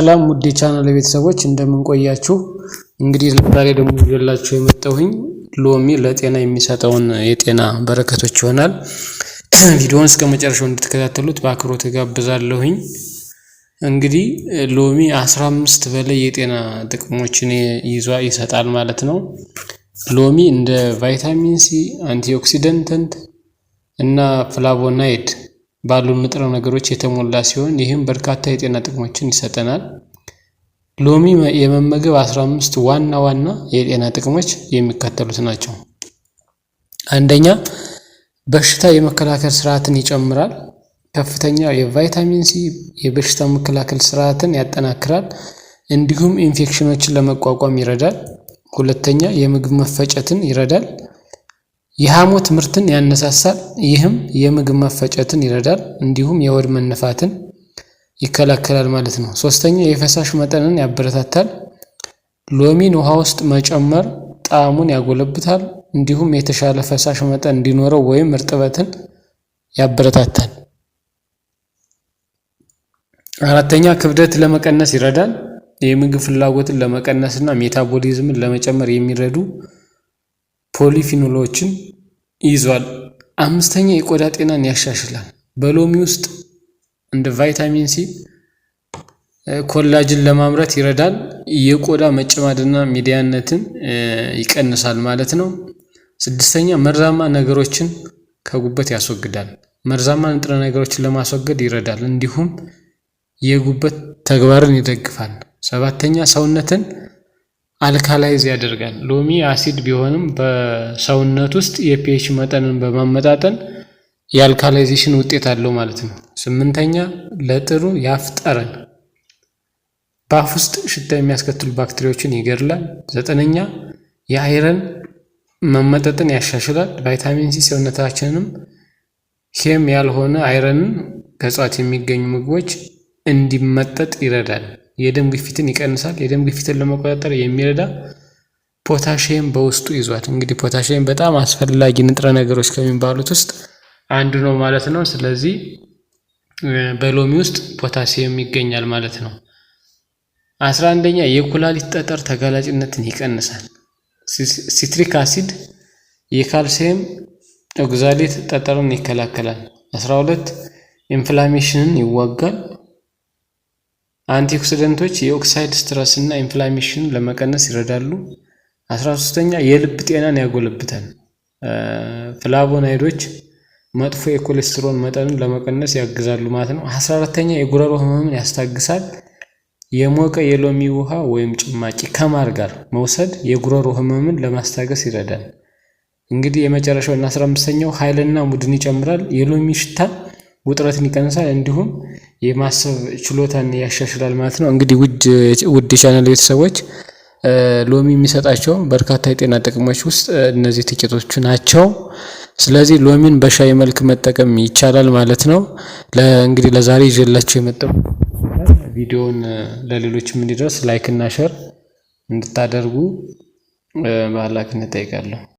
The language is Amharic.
ሰላም ውድ የቻናል ቤተሰቦች እንደምንቆያችሁ። እንግዲህ ዛሬ ደግሞ ይዤላችሁ የመጣሁኝ ሎሚ ለጤና የሚሰጠውን የጤና በረከቶች ይሆናል። ቪዲዮውን እስከ መጨረሻው እንድትከታተሉት በአክብሮት ጋብዛለሁኝ። እንግዲህ ሎሚ አስራ አምስት በላይ የጤና ጥቅሞችን ይዟ ይሰጣል ማለት ነው። ሎሚ እንደ ቫይታሚን ሲ፣ አንቲኦክሲደንተንት እና ፍላቮናይድ ባሉ ንጥረ ነገሮች የተሞላ ሲሆን ይህም በርካታ የጤና ጥቅሞችን ይሰጠናል። ሎሚ የመመገብ 15 ዋና ዋና የጤና ጥቅሞች የሚከተሉት ናቸው። አንደኛ በሽታ የመከላከል ስርዓትን ይጨምራል። ከፍተኛ የቫይታሚን ሲ የበሽታ መከላከል ስርዓትን ያጠናክራል፣ እንዲሁም ኢንፌክሽኖችን ለመቋቋም ይረዳል። ሁለተኛ የምግብ መፈጨትን ይረዳል። የሃሞ ምርትን ያነሳሳል። ይህም የምግብ መፈጨትን ይረዳል እንዲሁም የወድ መነፋትን ይከላከላል ማለት ነው። ሶስተኛ የፈሳሽ መጠንን ያበረታታል። ሎሚን ውሃ ውስጥ መጨመር ጣዕሙን ያጎለብታል እንዲሁም የተሻለ ፈሳሽ መጠን እንዲኖረው ወይም እርጥበትን ያበረታታል። አራተኛ ክብደት ለመቀነስ ይረዳል። የምግብ ፍላጎትን ለመቀነስ እና ሜታቦሊዝምን ለመጨመር የሚረዱ ፖሊፊኖሎችን ይዟል። አምስተኛ የቆዳ ጤናን ያሻሽላል። በሎሚ ውስጥ እንደ ቫይታሚን ሲ ኮላጅን ለማምረት ይረዳል። የቆዳ መጨማድና ሚዲያነትን ይቀንሳል ማለት ነው። ስድስተኛ መርዛማ ነገሮችን ከጉበት ያስወግዳል። መርዛማ ንጥረ ነገሮችን ለማስወገድ ይረዳል፣ እንዲሁም የጉበት ተግባርን ይደግፋል። ሰባተኛ ሰውነትን አልካላይዝ ያደርጋል። ሎሚ አሲድ ቢሆንም በሰውነት ውስጥ የፒኤች መጠንን በማመጣጠን የአልካላይዜሽን ውጤት አለው ማለት ነው። ስምንተኛ ለጥሩ የአፍ ጠረን በአፍ ውስጥ ሽታ የሚያስከትሉ ባክቴሪያዎችን ይገድላል። ዘጠነኛ የአይረን መመጠጥን ያሻሽላል። ቫይታሚን ሲ ሰውነታችንም ሄም ያልሆነ አይረንን ከእጽዋት የሚገኙ ምግቦች እንዲመጠጥ ይረዳል። የደም ግፊትን ይቀንሳል። የደም ግፊትን ለመቆጣጠር የሚረዳ ፖታሽየም በውስጡ ይዟል። እንግዲህ ፖታሽየም በጣም አስፈላጊ ንጥረ ነገሮች ከሚባሉት ውስጥ አንዱ ነው ማለት ነው። ስለዚህ በሎሚ ውስጥ ፖታሲየም ይገኛል ማለት ነው። አስራ አንደኛ የኩላሊት ጠጠር ተጋላጭነትን ይቀንሳል። ሲትሪክ አሲድ የካልሲየም ኦግዛሌት ጠጠርን ይከላከላል። አስራ ሁለት ኢንፍላሜሽንን ይዋጋል። አንቲኦክሲደንቶች የኦክሳይድ ስትረስና ኢንፍላሜሽን ለመቀነስ ይረዳሉ። አስራ ሶስተኛ የልብ ጤናን ያጎለብታል። ፍላቮናይዶች መጥፎ የኮሌስትሮል መጠንን ለመቀነስ ያግዛሉ ማለት ነው። አስራ አራተኛ የጉረሮ ህመምን ያስታግሳል። የሞቀ የሎሚ ውሃ ወይም ጭማቂ ከማር ጋር መውሰድ የጉረሮ ህመምን ለማስታገስ ይረዳል። እንግዲህ የመጨረሻው እና አስራ አምስተኛው ኃይልና ሙድን ይጨምራል። የሎሚ ሽታ ውጥረትን ይቀንሳል፣ እንዲሁም የማሰብ ችሎታን ያሻሽላል ማለት ነው። እንግዲህ ውድ ውድ ቻናል ቤተሰቦች ሎሚ የሚሰጣቸው በርካታ የጤና ጥቅሞች ውስጥ እነዚህ ጥቂቶቹ ናቸው። ስለዚህ ሎሚን በሻይ መልክ መጠቀም ይቻላል ማለት ነው። እንግዲህ ለዛሬ ይዤላቸው የመጣው ቪዲዮውን ለሌሎች እንዲደርስ ላይክ እና ሸር እንድታደርጉ በአላክነት ጠይቃለሁ።